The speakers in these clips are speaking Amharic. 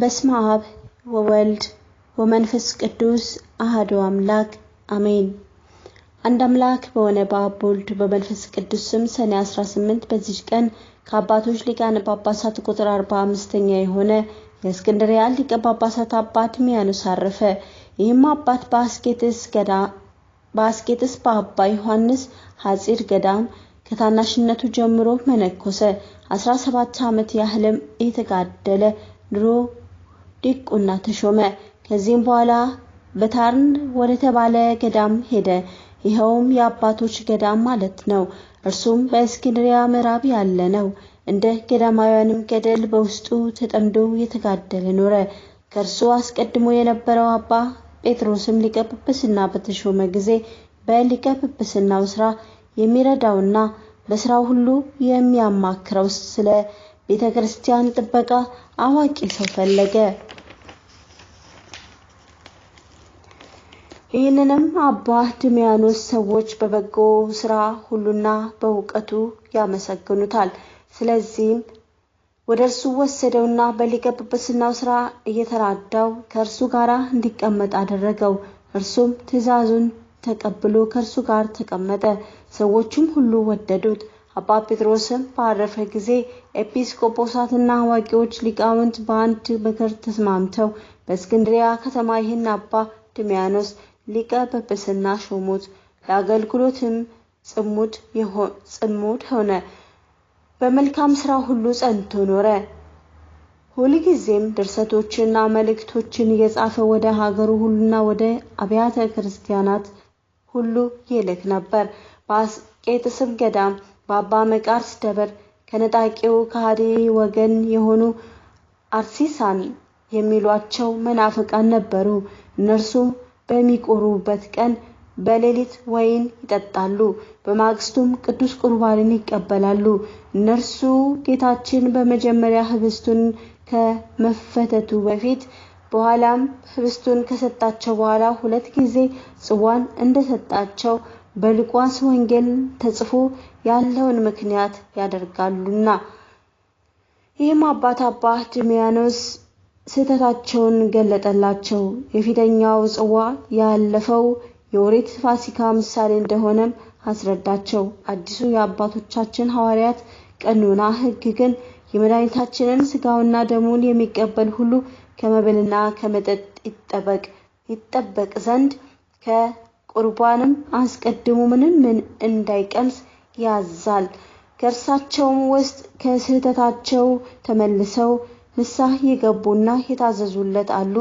በስመ አብ ወወልድ ወመንፈስ ቅዱስ አህዶ አምላክ አሜን። አንድ አምላክ በሆነ በአብ በመንፈስ ቅዱስ ስም ሰኔ 18 በዚህ ቀን ከአባቶች ሊቃነ ጳጳሳት ቁጥር 45ኛ የሆነ የእስክንድርያ ሊቀ ጳጳሳት አባት ሚያኖስ አረፈ። ይህም አባት በአስቄጥስ ገዳ በአስቄጥስ በአባ ዮሐንስ ሐጺር ገዳም ከታናሽነቱ ጀምሮ መነኮሰ። 17 ዓመት ያህልም የተጋደለ ድሮ ዲቁና ተሾመ። ከዚህም በኋላ በታርን ወደ ተባለ ገዳም ሄደ። ይኸውም የአባቶች ገዳም ማለት ነው። እርሱም በእስክንድሪያ ምዕራብ ያለ ነው። እንደ ገዳማውያንም ገደል በውስጡ ተጠምዶ የተጋደለ ኖረ። ከእርሱ አስቀድሞ የነበረው አባ ጴጥሮስም ሊቀ ጵጵስና በተሾመ ጊዜ በሊቀ ጵጵስናው ስራ የሚረዳውና በስራው ሁሉ የሚያማክረው ስለ ቤተ ክርስቲያን ጥበቃ አዋቂ ሰው ፈለገ። ይህንንም አባ ድሚያኖስ ሰዎች በበጎ ስራ ሁሉና በእውቀቱ ያመሰግኑታል። ስለዚህም ወደ እርሱ ወሰደውና በሊቀ ጵጵስናው ስራ እየተራዳው ከእርሱ ጋር እንዲቀመጥ አደረገው። እርሱም ትእዛዙን ተቀብሎ ከእርሱ ጋር ተቀመጠ። ሰዎቹም ሁሉ ወደዱት። አባ ጴጥሮስም ባረፈ ጊዜ ኤጲስቆጶሳትና አዋቂዎች ሊቃውንት በአንድ ምክር ተስማምተው በእስክንድሪያ ከተማ ይህን አባ ድሚያኖስ ሊቀ ጵጵስና ሾሙት። ለአገልግሎትም ጽሙድ ሆነ። በመልካም ስራ ሁሉ ጸንቶ ኖረ። ሁልጊዜም ድርሰቶችንና መልእክቶችን እየጻፈ ወደ ሀገሩ ሁሉና ወደ አብያተ ክርስቲያናት ሁሉ ይልክ ነበር። በአስቄጥስም ገዳም በአባ መቃርስ ደብር ከነጣቂው ከሃዲ ወገን የሆኑ አርሲሳን የሚሏቸው መናፍቃን ነበሩ። እነርሱ በሚቆርቡበት ቀን በሌሊት ወይን ይጠጣሉ፣ በማግስቱም ቅዱስ ቁርባንን ይቀበላሉ። እነርሱ ጌታችን በመጀመሪያ ህብስቱን ከመፈተቱ በፊት በኋላም ህብስቱን ከሰጣቸው በኋላ ሁለት ጊዜ ጽዋን እንደሰጣቸው በሉቃስ ወንጌል ተጽፎ ያለውን ምክንያት ያደርጋሉና። ይህም አባት አባ ድሚያኖስ ስህተታቸውን ገለጠላቸው። የፊተኛው ጽዋ ያለፈው የኦሪት ፋሲካ ምሳሌ እንደሆነም አስረዳቸው። አዲሱ የአባቶቻችን ሐዋርያት ቀኖና ሕግ ግን የመድኃኒታችንን ስጋውና ደሙን የሚቀበል ሁሉ ከመብልና ከመጠጥ ይጠበቅ ይጠበቅ ዘንድ ከቁርባንም አስቀድሞ ምንም ምን እንዳይቀምስ ያዛል። ከእርሳቸውም ውስጥ ከስህተታቸው ተመልሰው ንስሐ የገቡና የታዘዙለት አሉ።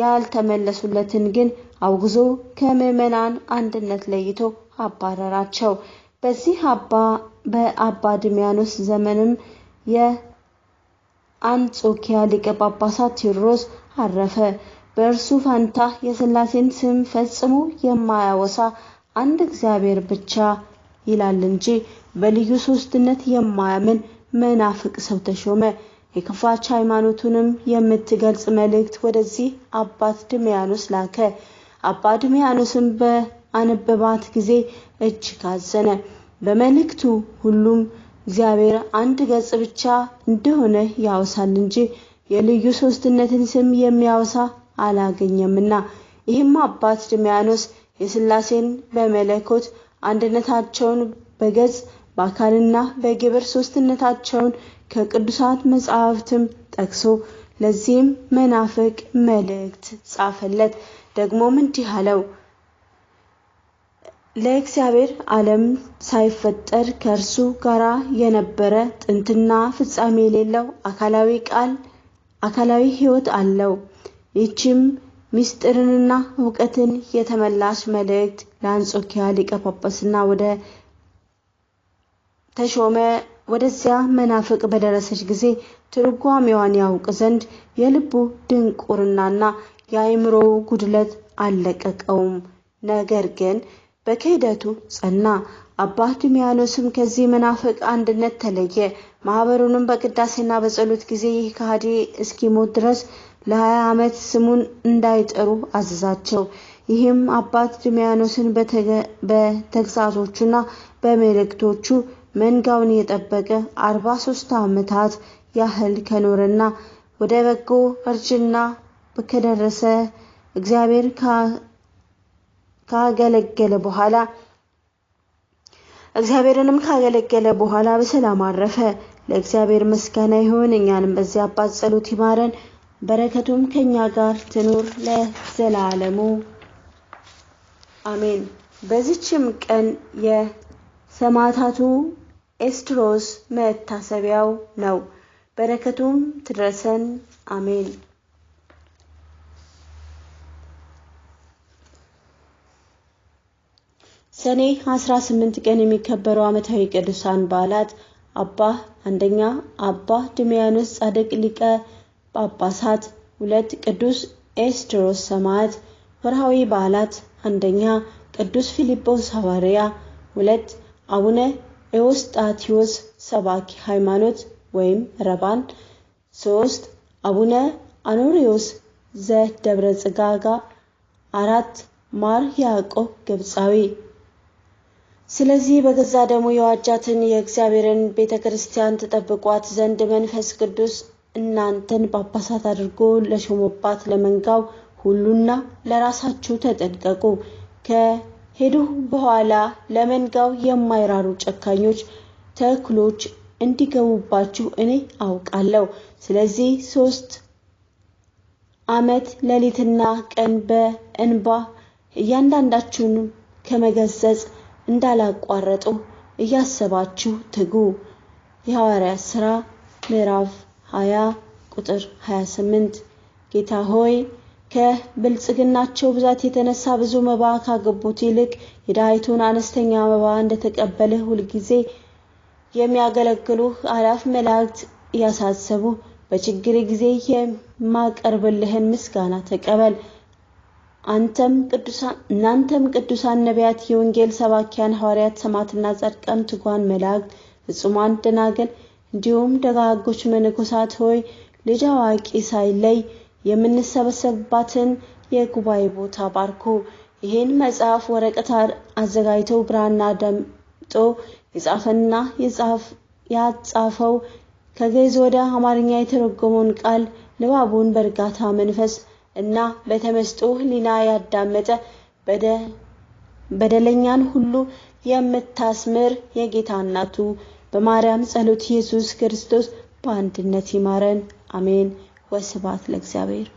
ያልተመለሱለትን ግን አውግዞ ከምዕመናን አንድነት ለይቶ አባረራቸው። በዚህ አባ በአባ ድሚያኖስ ዘመንም የአንጾኪያ ሊቀ ጳጳሳት ቴዎድሮስ አረፈ። በእርሱ ፋንታ የሥላሴን ስም ፈጽሞ የማያወሳ አንድ እግዚአብሔር ብቻ ይላል እንጂ በልዩ ሶስትነት የማያምን መናፍቅ ሰው ተሾመ። የክፋች ሃይማኖቱንም የምትገልጽ መልእክት ወደዚህ አባት ድሚያኖስ ላከ። አባ ድሚያኖስም በአነበባት ጊዜ እጅግ አዘነ። በመልእክቱ ሁሉም እግዚአብሔር አንድ ገጽ ብቻ እንደሆነ ያወሳል እንጂ የልዩ ሶስትነትን ስም የሚያወሳ አላገኘምና ይህም አባት ድሚያኖስ የስላሴን በመለኮት አንድነታቸውን በገጽ በአካልና በግብር ሶስትነታቸውን ከቅዱሳት መጻሕፍትም ጠቅሶ ለዚህም መናፍቅ መልእክት ጻፈለት። ደግሞም እንዲህ አለው፣ ለእግዚአብሔር ዓለም ሳይፈጠር ከእርሱ ጋር የነበረ ጥንትና ፍጻሜ የሌለው አካላዊ ቃል አካላዊ ሕይወት አለው። ይህችም ምስጢርንና እውቀትን የተመላሽ መልእክት ለአንጾኪያ ሊቀ ጳጳስና ወደ ተሾመ ወደዚያ መናፍቅ በደረሰች ጊዜ ትርጓሜዋን ያውቅ ዘንድ የልቡ ድንቁርናና የአእምሮ ጉድለት አልለቀቀውም። ነገር ግን በክህደቱ ጸና። አባ ድሚያኖስም ከዚህ መናፍቅ አንድነት ተለየ። ማህበሩንም በቅዳሴና በጸሎት ጊዜ ይህ ከሃዲ እስኪሞት ድረስ ለሀያ ዓመት ስሙን እንዳይጠሩ አዘዛቸው። ይህም አባት ድሚያኖስን በተግሳጾቹና በመልእክቶቹ መንጋውን የጠበቀ አርባ ሶስት ዓመታት ያህል ከኖረና ወደ በጎ እርጅና ከደረሰ እግዚአብሔር ካገለገለ በኋላ እግዚአብሔርንም ካገለገለ በኋላ በሰላም አረፈ። ለእግዚአብሔር ምስጋና ይሁን። እኛንም በዚህ አባት ጸሎት ይማረን። በረከቱም ከኛ ጋር ትኑር ለዘላለሙ አሜን። በዚችም ቀን የሰማዕታቱ ኤስትሮስ መታሰቢያው ነው። በረከቱም ትድረሰን አሜን። ሰኔ 18 ቀን የሚከበሩ ዓመታዊ ቅዱሳን በዓላት አባ አንደኛ አባ ድሚያኖስ ጻድቅ ሊቀ ጳጳሳት፣ ሁለት ቅዱስ ኤስድሮስ ሰማዕት። ወርሃዊ በዓላት አንደኛ ቅዱስ ፊልጶስ ሐዋርያ፣ ሁለት አቡነ ኤዎስጣቴዎስ ሰባኪ ሃይማኖት ወይም ረባን፣ ሶስት አቡነ ዘ ዘደብረ ጽጋጋ፣ አራት ማር ያዕቆብ ግብፃዊ። ስለዚህ በገዛ ደሙ የዋጃትን የእግዚአብሔርን ቤተ ክርስቲያን ትጠብቋት ዘንድ መንፈስ ቅዱስ እናንተን ጳጳሳት አድርጎ ለሾሞባት ለመንጋው ሁሉና ለራሳችሁ ተጠንቀቁ። ከሄዱ በኋላ ለመንጋው የማይራሩ ጨካኞች ተክሎች እንዲገቡባችሁ እኔ አውቃለሁ። ስለዚህ ሶስት ዓመት ሌሊትና ቀን በእንባ እያንዳንዳችሁንም ከመገሰጽ እንዳላቋረጡ እያሰባችሁ ትጉ። የሐዋርያ ሥራ ምዕራፍ 20 ቁጥር 28 ጌታ ሆይ ከብልጽግናቸው ብዛት የተነሳ ብዙ መባ ካገቡት ይልቅ የዳይቱን አነስተኛ መባ እንደተቀበልህ ሁልጊዜ የሚያገለግሉህ አላፍ መላእክት እያሳሰቡ በችግር ጊዜ የማቀርብልህን ምስጋና ተቀበል። አንተም ቅዱሳን እናንተም ቅዱሳን ነቢያት፣ የወንጌል ሰባኪያን ሐዋርያት፣ ሰማትና ጻድቃን፣ ትጓን መላእክት፣ ፍጹማን ደናግል እንዲሁም ደጋጎች መነኮሳት ሆይ ልጅ አዋቂ ሳይለይ የምንሰበሰብባትን የጉባኤ ቦታ ባርኩ። ይህን መጽሐፍ ወረቀት አዘጋጅቶ ብራና ደምጦ የጻፈና ያጻፈው ከግዕዝ ወደ አማርኛ የተረጎመውን ቃል ንባቡን በእርጋታ መንፈስ እና በተመስጦ ሕሊና ያዳመጠ በደለኛን ሁሉ የምታስምር የጌታ እናቱ በማርያም ጸሎት ኢየሱስ ክርስቶስ በአንድነት ይማረን። አሜን። ወስብሐት ለእግዚአብሔር።